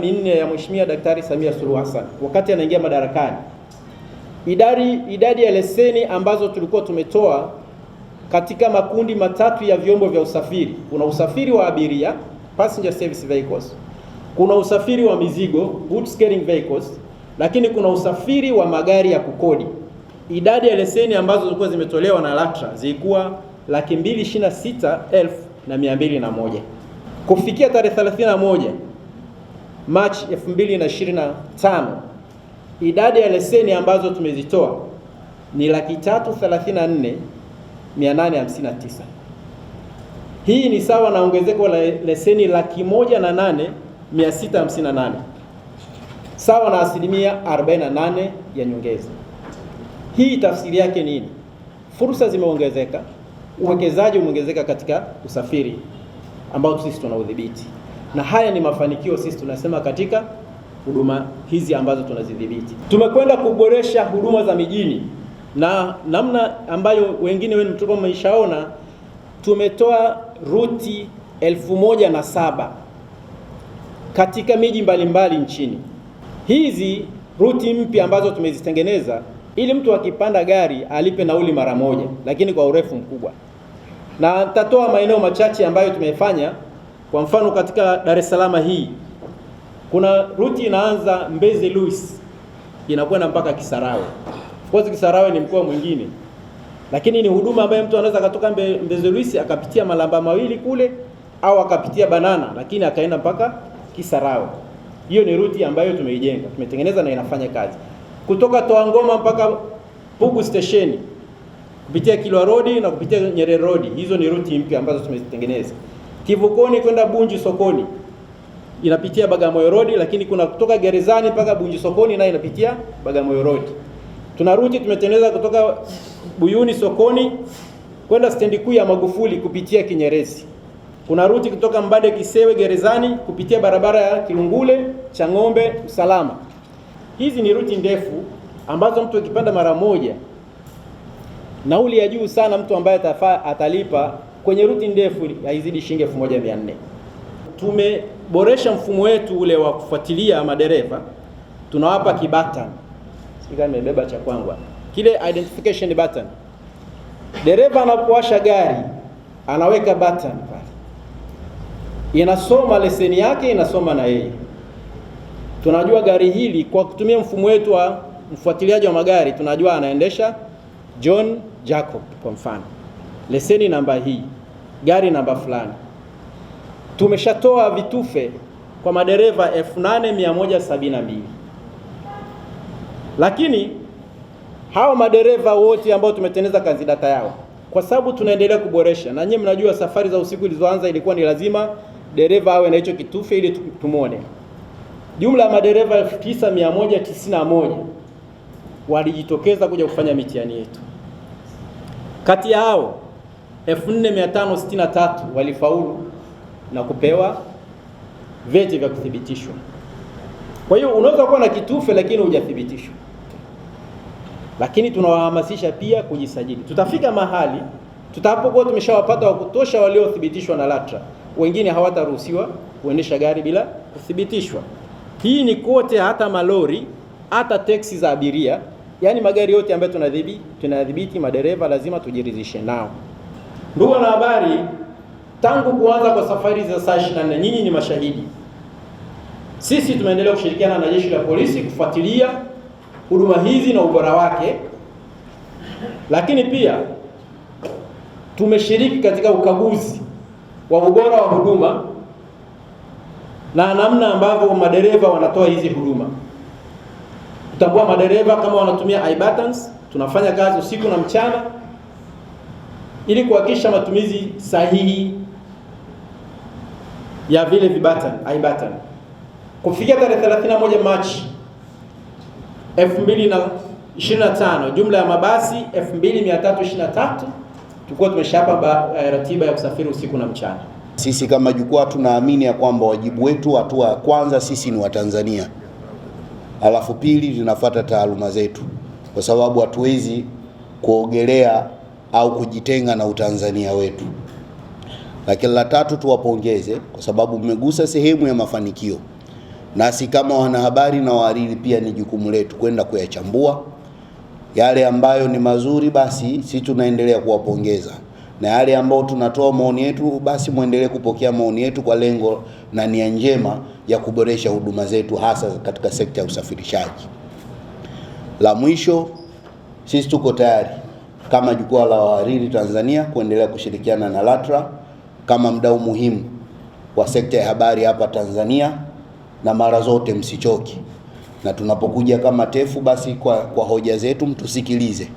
minne ya Mheshimiwa Daktari Samia Suluhu Hassan wakati anaingia madarakani, idadi, idadi ya leseni ambazo tulikuwa tumetoa katika makundi matatu ya vyombo vya usafiri. Kuna usafiri wa abiria passenger service vehicles, kuna usafiri wa mizigo goods carrying vehicles, lakini kuna usafiri wa magari ya kukodi. Idadi ya leseni ambazo zilikuwa zimetolewa na LATRA zilikuwa laki mbili ishirini na sita elfu na mia mbili na moja kufikia tarehe 31 Machi 2025 idadi ya leseni ambazo tumezitoa ni laki tatu tisa. Hii ni sawa na ongezeko la leseni laki moja na nane mia sita nane sawa na asilimia 48 ya nyongeza. Hii tafsiri yake nini? Fursa zimeongezeka, uwekezaji umeongezeka katika usafiri ambao sisi udhibiti na haya ni mafanikio sisi tunasema katika huduma hizi ambazo tunazidhibiti. Tumekwenda kuboresha huduma za mijini na namna ambayo wengine wenu mtuko mmeshaona, Tumetoa ruti elfu moja na saba katika miji mbalimbali nchini. Hizi ruti mpya ambazo tumezitengeneza ili mtu akipanda gari alipe nauli mara moja, lakini kwa urefu mkubwa, na nitatoa maeneo machache ambayo tumefanya kwa mfano katika Dar es Salaam hii kuna ruti inaanza Mbezi Luis inakwenda mpaka Kisarawe. Of course Kisarawe ni mkoa mwingine, lakini ni huduma ambayo mtu anaweza akatoka mbe, Mbezi Luis akapitia Malamba Mawili kule au akapitia Banana, lakini akaenda mpaka Kisarawe. Hiyo ni ruti ambayo tumeijenga, tumetengeneza na inafanya kazi kutoka Toa Ngoma mpaka Pugu stesheni kupitia Kilwa Road na kupitia Nyerere Road. Hizo ni ruti mpya ambazo tumezitengeneza kivukoni kwenda Bunju sokoni inapitia Bagamoyo Road, lakini kuna kutoka gerezani mpaka Bunju sokoni nayo inapitia Bagamoyo Road. Tuna ruti tumetengeneza kutoka Buyuni sokoni kwenda stendi kuu ya Magufuli kupitia Kinyerezi. Kuna ruti kutoka Mbade Kisewe gerezani kupitia barabara ya Kilungule Chang'ombe Usalama. Hizi ni ruti ndefu ambazo mtu akipanda mara moja nauli ya juu sana mtu ambaye atalipa kwenye ruti ndefu haizidi shilingi 1400. Tumeboresha mfumo wetu ule wa kufuatilia madereva, tunawapa kibatan. Sika nimebeba cha kwangu kile identification button. Dereva anapowasha gari anaweka button pale, inasoma leseni yake, inasoma na yeye. Tunajua gari hili kwa kutumia mfumo wetu wa mfuatiliaji wa magari, tunajua anaendesha John Jacob kwa mfano leseni namba hii, gari namba fulani. Tumeshatoa vitufe kwa madereva 8172 lakini hao madereva wote ambao tumetengeneza kazi data yao, kwa sababu tunaendelea kuboresha, na nyinyi mnajua safari za usiku zilizoanza ilikuwa ni lazima dereva awe na hicho kitufe ili tumwone. Jumla ya madereva 9191 walijitokeza kuja kufanya mitihani yetu. Kati ya hao 4563 walifaulu na kupewa vyeti vya kuthibitishwa. Kwa hiyo unaweza kuwa na kitufe lakini hujathibitishwa. Lakini tunawahamasisha pia kujisajili. Tutafika mahali tutapokuwa tumeshawapata wa kutosha waliothibitishwa na LATRA, wengine hawataruhusiwa kuendesha gari bila kuthibitishwa. Hii ni kote, hata malori, hata teksi za abiria, yaani magari yote ambayo tunadhibiti, tunadhibiti madereva lazima tujiridhishe nao. Ndugu wanahabari, tangu kuanza kwa safari za saa 24 nyinyi ni mashahidi. Sisi tumeendelea kushirikiana na jeshi la polisi kufuatilia huduma hizi na ubora wake, lakini pia tumeshiriki katika ukaguzi wa ubora wa huduma na namna ambavyo madereva wanatoa hizi huduma. kutambua madereva kama wanatumia i-buttons. tunafanya kazi usiku na mchana ili kuhakikisha matumizi sahihi ya vile vibata aibata. Kufikia tarehe 31 Machi 2025 jumla ya mabasi 2323 tulikuwa tumeshapa eh, ratiba ya kusafiri usiku na mchana. Sisi kama jukwaa tunaamini ya kwamba wajibu wetu, hatua ya kwanza sisi ni Watanzania, alafu pili linafuata taaluma zetu, kwa sababu hatuwezi kuogelea au kujitenga na utanzania wetu. Lakini la tatu, tuwapongeze kwa sababu mmegusa sehemu ya mafanikio, nasi kama wanahabari na wahariri pia ni jukumu letu kwenda kuyachambua yale ambayo ni mazuri, basi si tunaendelea kuwapongeza, na yale ambayo tunatoa maoni yetu, basi muendelee kupokea maoni yetu kwa lengo na nia njema ya kuboresha huduma zetu, hasa katika sekta ya usafirishaji. La mwisho, sisi tuko tayari kama jukwaa la wahariri Tanzania kuendelea kushirikiana na LATRA kama mdau muhimu wa sekta ya habari hapa Tanzania, na mara zote msichoki, na tunapokuja kama TEFU basi kwa, kwa hoja zetu mtusikilize.